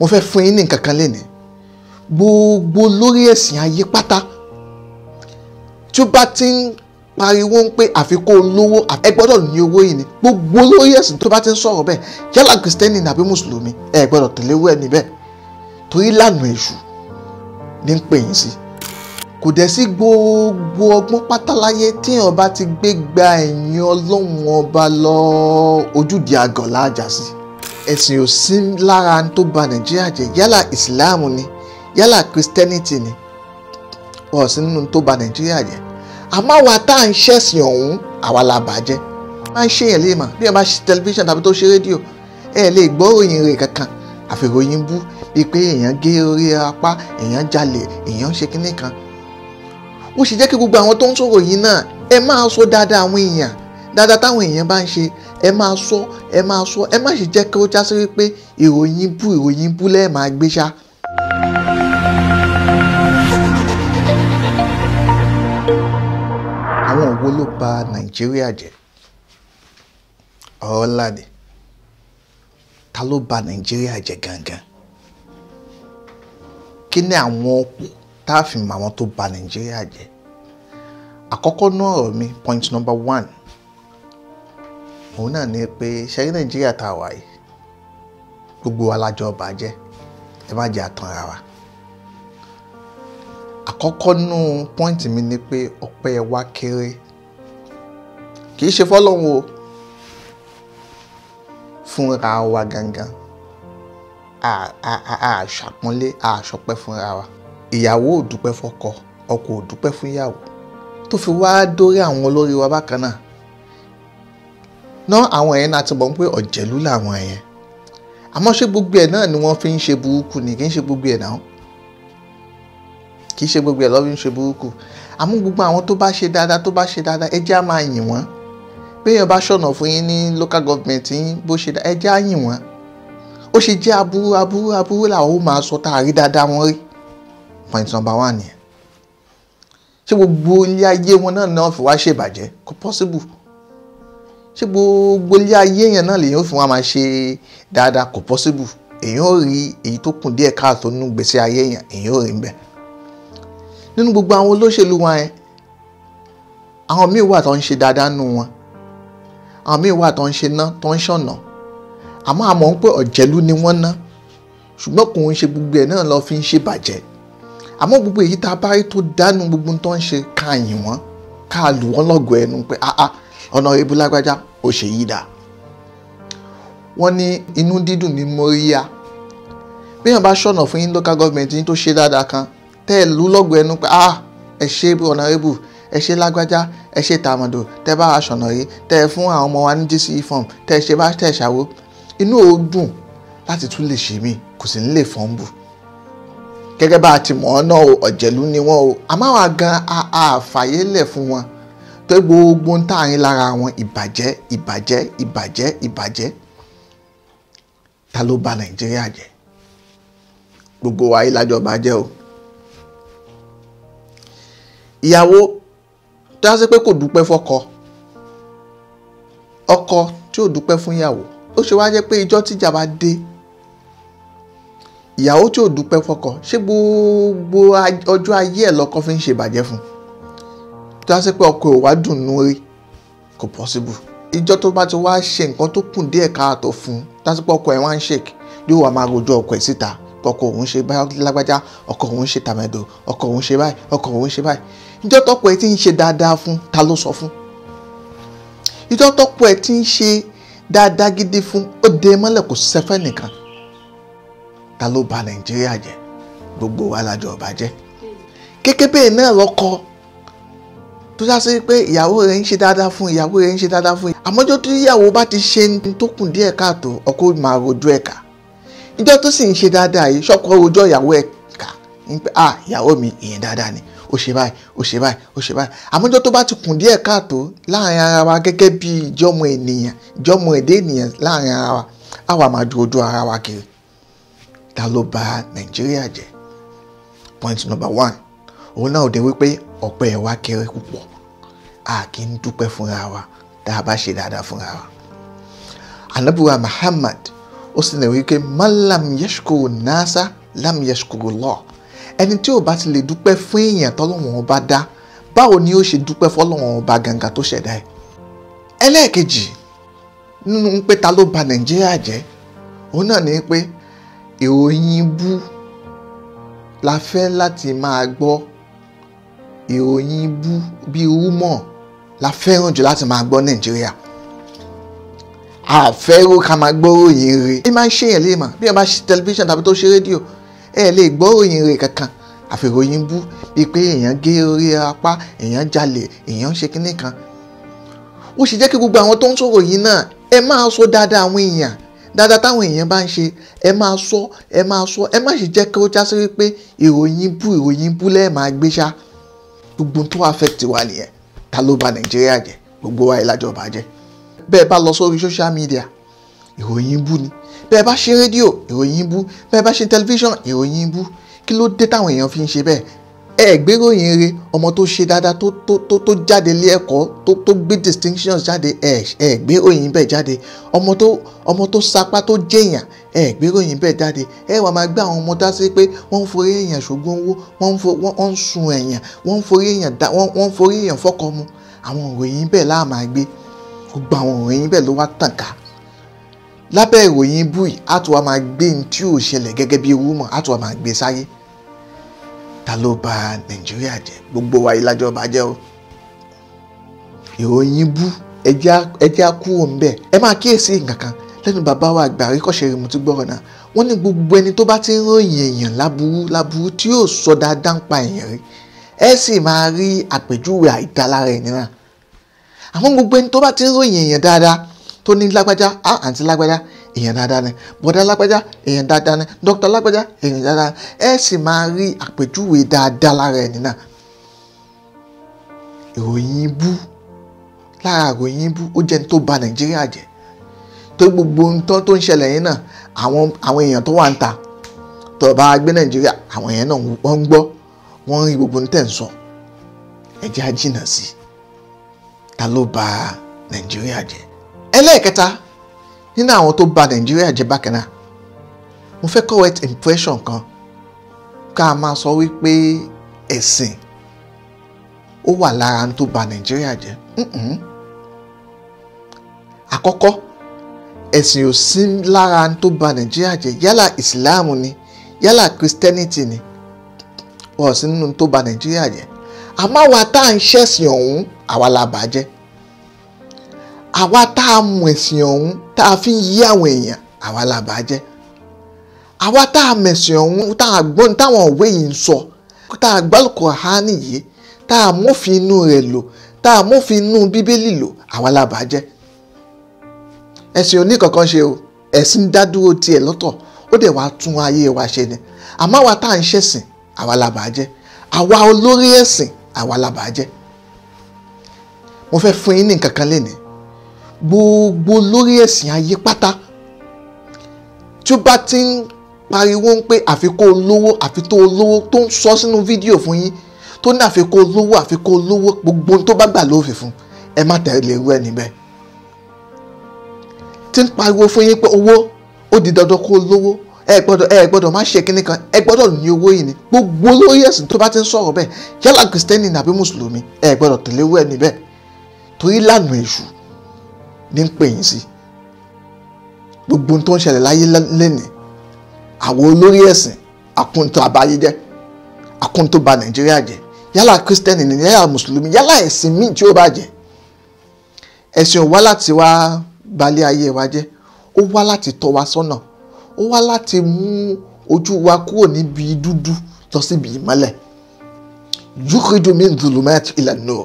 mo fẹ́ fún yín ní nǹkan kan lénìí gbogbo lórí ẹ̀sìn ayé pátá tí ó bá ti ń pariwo ń pé àfikún olówó ẹ ní owó yìí ni gbogbo lórí ẹ̀sìn tó bá ti ń sọ̀rọ̀ bẹ́ẹ̀ yálà kìrìsìtẹ́nì nàbí mùsùlùmí ẹ gbọ́dọ̀ tẹ̀lé owó ẹ̀ torí lànà èṣù ní ń pè yín sí kò dẹ̀ sí gbogbo ọgbọ́n pátáláyé téèyàn bá ti gbé ẹ̀yìn ọlọ́run ọba lọ ojúde àgàn láàjà sí i ẹ̀sìn ò sí lára tó bà nàìjíríà jẹ́ yálà ìsìláàmù ni yálà christianity ni wọn ò sí nínú tó bà nàìjíríà jẹ́ àmọ́ àwa tá à ń ṣẹ̀sìn ọ̀hún àwa la bàjẹ́ máa ń ṣe yẹn léèmọ̀ bí ẹ bá ṣe tẹlifíṣàn tàbí tó ṣe rédíò ẹ lè gbọ́ òyìn rẹ̀ kankan àfìròyìn bú bíi pé èèyàn gé orí apá èèyàn jalè èèyàn ṣe kínní kan ó sì jẹ́ kí gbogbo àwọn tó ń sọ̀rọ̀ yìí náà ẹ máa sọ dáadáa àwọn èèyàn dáadáa táwọn èèyàn bá ń ṣe ẹ máa sọ ẹ máa sọ ẹ má ṣe jẹ́ kí ó já sí wípé ìròyìn bú ìròyìn bú lẹ́ẹ̀ máa gbé ṣá. àwọn òwò ló bà nàìjíríà jẹ́ ọ̀rọ̀ ńlá ta ló bà nàìjíríà jẹ́ gangan kí ni àwọn ọ̀pọ̀ tá a fi mọ àwọn tó bà nàìjíríà jẹ́ àkọ́kọ́ náà ọ̀rọ̀ mi point number one òun náà ni pé ṣẹ́rí nàìjíríà tá a wà yìí gbogbo alájọ ọba jẹ́ ẹ má jẹ́ àtàn ara wa àkọ́kọ́ nú pọ́ìntì mi ni pé ọpẹ́ wa kéré kì í ṣe fọ́lọ́hún o fúnra wa gangan àṣàpọ́nlé àṣọpẹ́ fúnra wa ìyàwó ò dúpẹ́ fọ́kọ ọkọ ò dúpẹ́ fún ìyàwó tó fi wá dórí àwọn olórí wa bákan náà ná àwọn yẹn náà ti mọ̀ pé ọ̀jẹ̀lú làwọn yẹn àmọ́ ṣé gbogbo ẹ̀ náà ni wọ́n fi ń ṣe burúkú ni kì í ṣe gbogbo ẹ̀ náà kì í ṣe gbogbo ẹ̀ lọ́ fi ń ṣe burúkú àmọ́ gbogbo àwọn tó bá ṣe dáadáa tó bá ṣe dáadáa ẹ á máa yìn wọ́n béèyàn bá ṣọ̀nà fún yín ní local government yín bó ṣe dá ẹ jẹ́ á yìn wọ́n ó ṣe jẹ́ aburú aburú aburú làwọn ó máa sọ tá a rí dáadáa wọn rí point number one nìyẹn ṣé gbogbo ilé ayé wọn náà náà fi wá ṣèbàjẹ́ kò possible ṣé gbogbo ilé ayé yẹn náà lèyìn ó fi wọn máa ṣe dáadáa kò possible èyàn ò rí èyí tó kùn díẹ̀ káàtó nínú gbèsè ayé yẹn èyàn ò rí mbẹ̀ nínú gbogbo àwọn olóṣèlú wa yẹn àwọn míì wà tó ń ṣe dáadáa nù wọn àwọn míì wà tó ń ṣe ná tó ń ṣọ̀nà àmọ́ àmọ́ ń pé ọ̀jẹ̀lú ni wọ́n ná ṣùgbọ́n kò ń ṣe gbogbo ẹ̀ náà lọ fi ń ṣe bàjẹ́ àmọ́ gbogbo èyí tá a bá rí tó dánú gbogbo tó ń ṣe káàyìn wọn káà lù wọ́n lọ́gọ̀ọ́ ẹnu pé ah ah ọ̀nà ìbú lágbájá ó ṣe yí dá wọ́n ní inú dídùn ní mọ́ríyá bí wọ́n bá ṣọ̀nà fún yín local government yín tó ṣe dáadáa kan tẹ́ ẹ̀ lú lọ́gùn ẹnu pé ah ẹ ṣe honorable ẹ ṣe lágbájá ẹ ṣe tàmọ̀dò tẹ́ bá aṣọ̀nà yìí tẹ́ ẹ fún àwọn ọmọ wa ní GCE form tẹ́ ẹ ṣe bá tẹ́ ẹ ṣàwó inú ò dùn láti tún lè ṣe mí kò sì ní lè fọ́n bù gẹ́gẹ́ bá a ti mọ̀ ọ́ náà ọ̀jẹ̀lú ni wọ́n o àmọ́ àwa gan àfàyè lẹ̀ fún wọn tẹ gbogbo ń tà yín lára àwọn ìbàjẹ́ ìbàjẹ́ ìbàjẹ́ ìbàjẹ́ ta ló bà nàìjíríà jẹ́ gbogbo wa yìí lájọ bá jẹ́ o ìyàwó tó yá sí pé kò dúpẹ́ fọ́kọ ọkọ tí ò dúpẹ́ fún ìyàwó ó ṣe wá jẹ́ pé ìjọ́ tíjà bá dé ìyàwó tí ò dúpẹ́ fọ́kọ ṣé gbogbo ọjọ́ ayé ẹ̀ lọ́kọ fi ń ṣe ìbàjẹ́ fún un dásí pé ọkọ ò dùnú rí kò possible ìjọ tó bá wá ṣe nǹkan tó kùn díẹ̀ káàtó fún dásí pé ọkọ ẹ̀ wá ń ṣèkì yóò wá máa ọkọ ẹ̀ síta ọkọ òun ṣe lágbájá ọkọ òun ṣe tàmẹ̀dò ọkọ òun ṣe báyìí ọkọ òun ṣe báyìí ìjọ tọkọ ti ń fún ta ló sọ fún ìjọ tọkọ gidi fún ó mọ́lẹ̀ kò sẹ́fẹ́ gbogbo wa la jọ kékeré tó já sí pé ìyàwó rẹ̀ ń ṣe dáadáa fún ìyàwó rẹ̀ ń ṣe dáadáa fún àmọ́jọ́ tó ìyàwó bá ti ṣe ní tó kù díẹ̀ káàtó ọkọ máa rojú ẹ̀ ká ìjọ tó sì ń ṣe dáadáa yìí ṣọkọ rojọ́ ìyàwó ẹ̀ ká ń pẹ́ à ìyàwó mi ìyẹn dáadáa ni ó ṣe báyìí ó ṣe báyìí ó ṣe báyìí àmọ́jọ́ tó bá ti kùn díẹ̀ káàtó láàrin ara wa gẹ́gẹ́ bí ìjọmọ ènìyàn ìjọmọ èdè ènìyàn láàrin ara wa àwa máa ju ojú ara wa kiri ta ló bà Nàìjíríà jẹ́ point number one òun náà dé wípé ọpẹ́ ẹ̀ wá kéré púpọ̀ a kì í dúpẹ́ fúnra wa tá a bá ṣe dáadáa fúnra wa. anabuwa Muhammad ó sì ní wípé malam yashkuru nasa lam yashkuru Allah ẹni tí ò bá ti lè dúpẹ́ fún èèyàn tọ́lọ́wọ́n ọba dá báwo ni ó ṣe dúpẹ́ fọ́lọ́wọ́n ọba gangan tó ṣẹ̀dá ẹ̀. ẹlẹ́ẹ̀kejì nínú pé ta ló ba nàìjíríà jẹ́ òun náà ni pé ìròyìn bú la fẹ́ láti máa gbọ́ ìròyìn ibú bíi rúmọ̀ la fẹ́ràn jù láti máa gbọ́ nàìjíríà àfẹ́rò ká máa gbọ́ ròyìn rẹ̀ ẹ máa ń ṣe èèyàn lè mà bí ẹ bá ṣe tẹlifíṣàn tàbí tó ṣe rédíò ẹ lè gbọ́ ròyìn rẹ̀ kankan àfèròyìn bú bíi pé èèyàn gé orí apá èèyàn jalè èèyàn ṣe kinní kan ó sì jẹ́ kí gbogbo àwọn tó ń sọ̀rọ̀ yìí náà ẹ máa sọ dáadáa àwọn èèyàn dáadáa táwọn èèyàn bá ń ṣe ẹ máa sọ ẹ máa sọ ẹ má sì jẹ́ kí ó já wípé ìròyìn bú ìròyìn bú lẹ́ẹ̀ máa gbé gbogbo tó affect wa nìyẹn ta ló bà nàìjíríà jẹ́ gbogbo wa ìlàjọ bàjẹ́ bẹ́ẹ̀ bá lọ sórí social media ìròyìn ibú ni bẹ́ẹ̀ bá ṣe rédíò ìròyìn ibú bẹ́ẹ̀ bá ṣe tẹlifíṣàn ìròyìn ibú kí ló dé táwọn èèyàn fi ń ṣe bẹ́ẹ̀ ẹ gbéròyìn re ọmọ tó ṣe dáadáa tó tó tó tó jáde lé ẹ̀kọ́ tó tó gbé distinctions jáde ẹ ẹ gbéròyìn bẹ́ẹ̀ jáde ọmọ tó ọmọ tó sapá tó jẹ̀yàn ẹ gbéròyìn bẹ́ẹ̀ jáde ẹ wàá máa gbé àwọn ọmọ dá sí pé wọ́n ń forí èèyàn ṣògbọ́n owó wọ́n ń sun èèyàn wọ́n ń forí èèyàn dá wọ́n ń forí èèyàn fọ́kọ mu àwọn ìròyìn bẹ́ẹ̀ láà máa gbé gbogbo àwọn ìròyìn bẹ́ẹ̀ ló wá tàn ká lábẹ́ ìròyìn búì á tún wá máa gbé ní tí ò ṣẹlẹ̀ gẹ́gẹ́ bí rúmọ̀ á tún wá máa gbé sáyé ta ló bà nàìjíríà jẹ́ gbogbo wa ìlàjọ bàjẹ́ o ìròyìn bú ẹjẹ́ á kúrò ńbẹ̀ ẹ máa kíyèsí nǹkan kan lẹ́nu bàbá wa àgbà àríkọ̀ṣe rẹ̀ mo ti gbọ́rọ̀ náà wọ́n ní gbogbo ẹni tó bá ti ń ròyìn èèyàn láburú láburú tí yóò sọ dáadáa ń pa èèyàn rí ẹ sì máa rí àpèjúwe àìdálára ẹni náà àmọ́ gbogbo ẹni tó bá ti ń ròyìn èèyàn dáadáa tó ní lágbájá á àǹtí lágbájá èèyàn dáadáa ni bọ̀dá lágbájá èèyàn dáadáa ni dókítà lágbájá èèyàn dáadáa ẹ sì máa rí àpèjúwe dáadáa tó gbogbo nǹkan tó ń ṣẹlẹ̀ yẹn náà àwọn àwọn èèyàn tó wà ń ta tó bá gbé nàìjíríà àwọn èèyàn náà wọ́n ń gbọ́ wọ́n ń rí gbogbo ní tẹ̀ ń sọ ẹ jẹ́ sí i ta ló bà nàìjíríà jẹ́ ẹlẹ́ẹ̀kẹta nínú àwọn tó bà nàìjíríà jẹ́ bákan náà mo fẹ́ correct impression kan ká máa sọ wípé ẹ̀sìn ó wà lára tó bà nàìjíríà jẹ́ àkọ́kọ́. Mm -mm ẹ̀sìn ò sí lára tó ba nàìjíríà jẹ́ yálà ìsìláàmù ni yálà christianity ni wọn ò sí nínú tó ba nàìjíríà jẹ́ àmọ́ àwa tá à ń ṣẹ̀sìn ọ̀hún àwa la bàjẹ́ àwa tá a mọ̀ ẹ̀sìn ọ̀hún tá a fi ń yí àwọn èèyàn àwa la bàjẹ́ àwa tá a mẹ̀sìn ọ̀hún tá a gbọ́n táwọn òwe yìí ń sọ tá a gbálùkọ̀ ha nìyí tá a mọ̀fin inú rẹ̀ lò tá a mọ̀fin inú bíbélì lò àwa la bàjẹ́ ẹ̀sìn oníkankan ṣe o ẹ̀sìn dá dúró tiẹ̀ lọ́tọ̀ ó dẹ̀ wá tún ayé wa ṣe ni àmọ́ àwa tá à ń ṣẹ̀sìn àwa la bàá jẹ́ àwa olórí ẹ̀sìn àwa la bàá jẹ́ mo fẹ́ fún yín ní nǹkan kan lénìí gbogbo olórí ẹ̀sìn ayé pátá tí ó bá ti ń pariwo ń pé àfikún olówó àfikún olówó tó ń sọ sínú fídíò fún yín tó ní àfikún olówó àfikún olówó gbogbo tó bá gbà ló fún ẹ má tẹ̀lé irú ẹ̀ níbẹ̀ ti ń pariwo fún yín pé owó ó di dandan kó lówó ẹ gbọ́dọ̀ ẹ gbọ́dọ̀ má ṣe kinní kan ẹ gbọ́dọ̀ ní owó yìí ni gbogbo olóyè ẹ̀sìn tó bá ti ń sọ̀rọ̀ bẹ́ẹ̀ yálà kìrìsìtẹ́nì nàbí mùsùlùmí ẹ gbọ́dọ̀ tẹ̀lé owó ẹni bẹ́ẹ̀ torí lànà èṣù ní ń pè yín sí gbogbo tó ń ṣẹlẹ̀ láyé lẹ́nìí àwọn olórí ẹ̀sìn àkóńtó àbáyé jẹ́ àkóńtó ba nàìjíríà jẹ́ yálà kìrìsìtẹ́nì ni yálà mùsùlùmí yálà ẹ̀sìn míì tí ó bá jẹ́ ẹ̀sìn ò wá láti wá. Wa balẹ̀ ayé wa jẹ́ ó wá láti tọ́ wa sọ́nà ó wá láti mú ojú wa kúrò níbi dúdú lọ síbi ìmọ́lẹ̀ yukhriju min dhulumati ila nur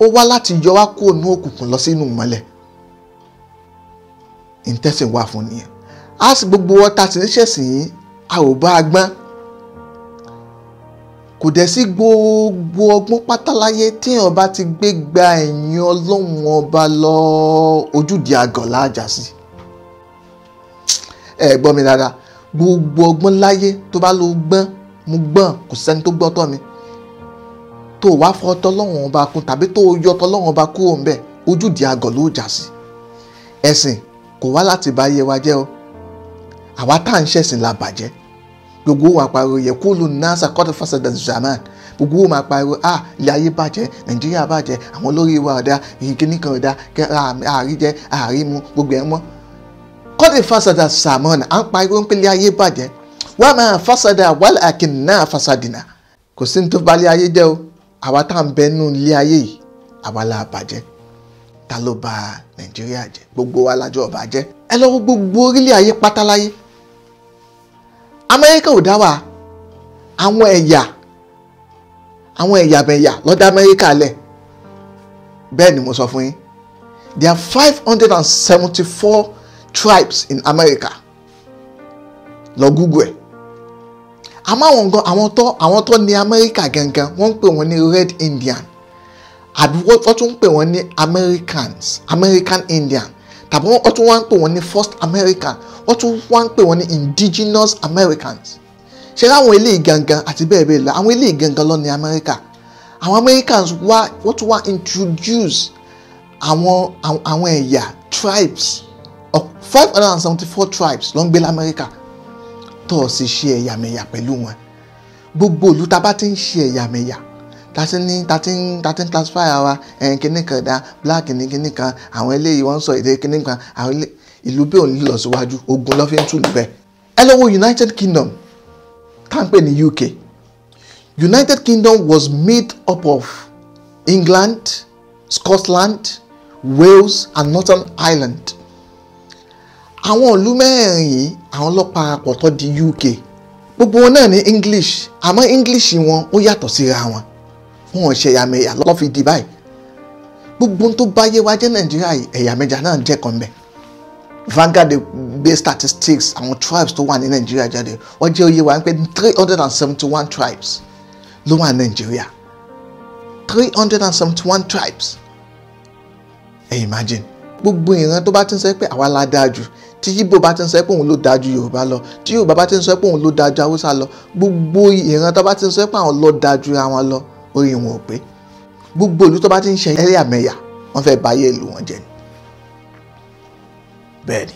ó wá láti yọ wá kúrò ní òkùnkùn lọ sínú ìmọ́lẹ̀ ìtẹ̀sìn wà fún nìyẹn a sì gbogbo ọta sì ń ṣẹ̀sìn yìí a ò bá a gbọ́n kò dẹ̀ sí gbogbo ọgbọ́n pátáláyé téèyàn bá ti gbé gba ẹ̀yìn ọlọ́run ọba lọ ojúde àgàn láàjà sí ẹ gbọ́ mi dáadáa gbogbo ọgbọ́n láyé tó bá lo gbọ́n mo gbọ́n kò sẹ́ni tó gbọ́ tọ́ mi tó o wá fọ tọ́lọ́run ọba kún tàbí tó o yọ tọ́lọ́run ọba kúrò ńbẹ̀ ojúde àgàn ló jà sí ẹ̀sìn kò wá láti bá yé wa jẹ́ o àwa tá à ń ṣẹ̀sìn la bàjẹ́ gbogbo wa pariwo yẹ kúlù nasa kọ́tù fásitì zaman gbogbo wa máa pariwo ah ilé ayé bàjẹ́ nàìjíríà bàjẹ́ àwọn olórí wa ọ̀dà ìkíní kan ọ̀dà àárí jẹ àárí mu gbogbo ẹ̀ mọ́ kọ́tù fásitì zaman à ń pariwo ń pélé ayé bàjẹ́ wà á máa fásitì wàlẹ̀ àkìnnà fásadìnà kò sí ní tó balẹ̀ ayé jẹ́ o àwa tá à ń bẹ nínú ilé ayé yìí àwa la bàjẹ́ ta ló bà nàìjíríà jẹ́ gbogbo wa lájọ bàjẹ́ ẹ lọ́wọ́ gbogbo orílẹ̀ ayé pátáláyé amẹ́ríkà ò dá wa àwọn ẹ̀yà àwọn ẹ̀yà bẹ̀yà ló dá amẹ́ríkà lẹ̀ bẹ́ẹ̀ ni mo sọ fún yín there are five hundred and seventy-four tribes in America lọ google ẹ̀ àmọ́ àwọn gan àwọn tó àwọn tó ní Amẹ́ríkà gangan wọ́n ń pè wọ́n ní Red Indian àbí wọ́n tún ń pè wọ́n ní Americans American Indian tàbí wọ́n tún wá ń pè wọ́n ní first American wọ́n tún wá ń pè wọ́n ní indigenous Americans ṣe láwọn eléyìí gangan àti bẹ́ẹ̀ bẹ́ẹ̀ lọ àwọn eléyìí gangan lọ ní America àwọn Americans wá wọ́n tún wá introduce àwọn àwọn ẹ̀yà tribes five hundred and seventy four tribes ló ń gbé lamẹ́ríkà tó o sì ṣe ẹ̀yàmẹ̀yà pẹ̀lú wọn gbogbo ìlú tá ti ń ṣe ẹ̀yàmẹ̀yà tati ní tati ń tati ń classify wa ẹn kíní kan dá black ní kíní kan àwọn eléyìí wọ́n ń sọ èdè kíní kan àwọn ilé ìlú bí òun lọ síwájú ogun lọ́ fi ń tù níbẹ̀. ẹ lọ wo United Kingdom tá à pè ní UK United Kingdom was made up of England, Scotland, Wales and Northern Ireland. àwọn ìlú mẹ́rin yìí àwọn ọlọ́pàá àpọ̀tọ́ di UK gbogbo wọn náà ní English àmọ́ English wọn ó yàtọ̀ síra wọn wọn ṣe ẹ̀yàmẹ̀yà ló fi di báyìí gbogbo tó bá yé wa jẹ́ nàìjíríà ẹ̀yàmẹ̀yà náà jẹ́ kan bẹ́ẹ̀ Vanguard gbé statistics àwọn tribes tó wà ní nàìjíríà jáde wọ́n jẹ́ oyè wa pé three hundred and seventy one tribes ló wà ní nàìjíríà three hundred and seventy one tribes ẹ hey, imagine gbogbo ìran tó bá ti ń sọ pé àwa la dáa jù tí Ìgbò bá ti ń sọ pé òun ló dáa ju Yorùbá lọ tí Yorùbá bá ti ń sọ pé òun ló dáa ju Haúsá lọ gbogbo ìran tó bá ti ń sọ pé àwọn ló dáa ju àwọn lọ orí wọn ò pé gbogbo ìlú tó bá ti ń ṣe ẹlẹ́yàmẹ̀yà wọ́n fẹ́ báyé ìlú wọn jẹ́ ni bẹ́ẹ̀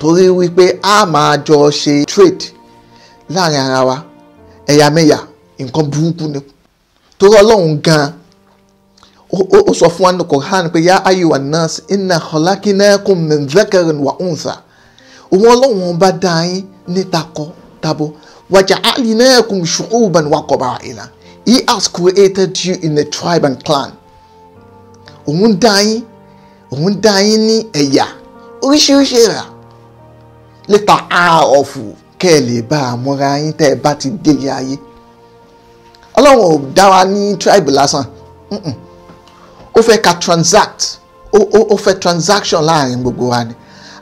torí wípé a máa jọ ṣe trade láàrin ara wa ẹ̀yàmẹ̀yà nǹkan burúkú ni torí ọlọ́run gan-an ó sọ fún wa ní Quran pé yá ayé wa nas inna khalaqnakum min dhakarin wa untha òun ọlọ́run bá dá yín níta kọ́ tabo waja'alnakum shu'uban wa qaba'ila He has created you in a tribe and clan. Òun dá yín òun dá yín ní ẹ̀yà oríṣiríṣi ẹ̀yà lépa àọ̀fù kẹ́ ẹ̀ lè bá a mọ́ra yín tẹ́ ẹ bá ti délé ayé. Ọlọ́run ò dá wa ní tribe lásán ó fẹ́ ka transact ó fẹ́ transaction láàrin gbogbo wa ni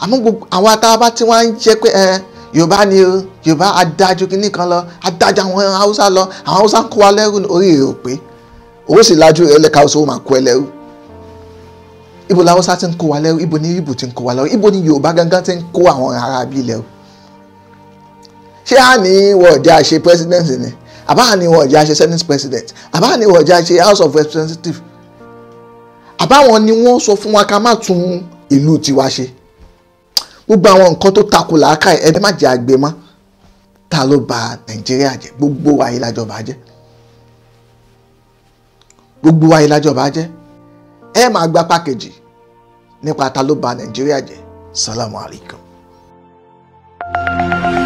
àmọ́ gbogbo àwa tá a bá ti wá ń jẹ́ pé ẹ̀ ẹ́ yorùbá ni o yorùbá adájú kínní kan lọ adájú àwọn haúsá lọ àwọn haúsá kó wa lẹ́rù orí rẹ̀ ò pé owó sì lajú rẹ̀ lẹ́ka oṣù ó máa kó ẹ lẹ́rù ibo la haúsá ti ń kó wa lẹ́rù ibo ni ibo ti ń kó wa lẹ́rù ibo ni yorùbá gangan ti ń kó àwọn ará bí lẹ́rù ṣé a ní wọ̀ọ́dí àṣẹ president ni àbá ni wọ̀ọ́dí àṣẹ senate president àbá ni wọ̀ọ́dí àṣẹ house of representatives àbáwọn ni wọ́n sọ fún wa ká má tún ìlú tiwa ṣe gbogbo àwọn nǹkan tó takò làákà ẹ ẹ má jẹ́ àgbẹ̀ mọ́ ta ló bà nàìjíríà jẹ́ gbogbo wa yìí lájọba jẹ́ gbogbo wa yìí lájọba jẹ́ ẹ máa gba pákẹ́jì nípa ta ló bà nàìjíríà jẹ́ salamu alaykum. thank you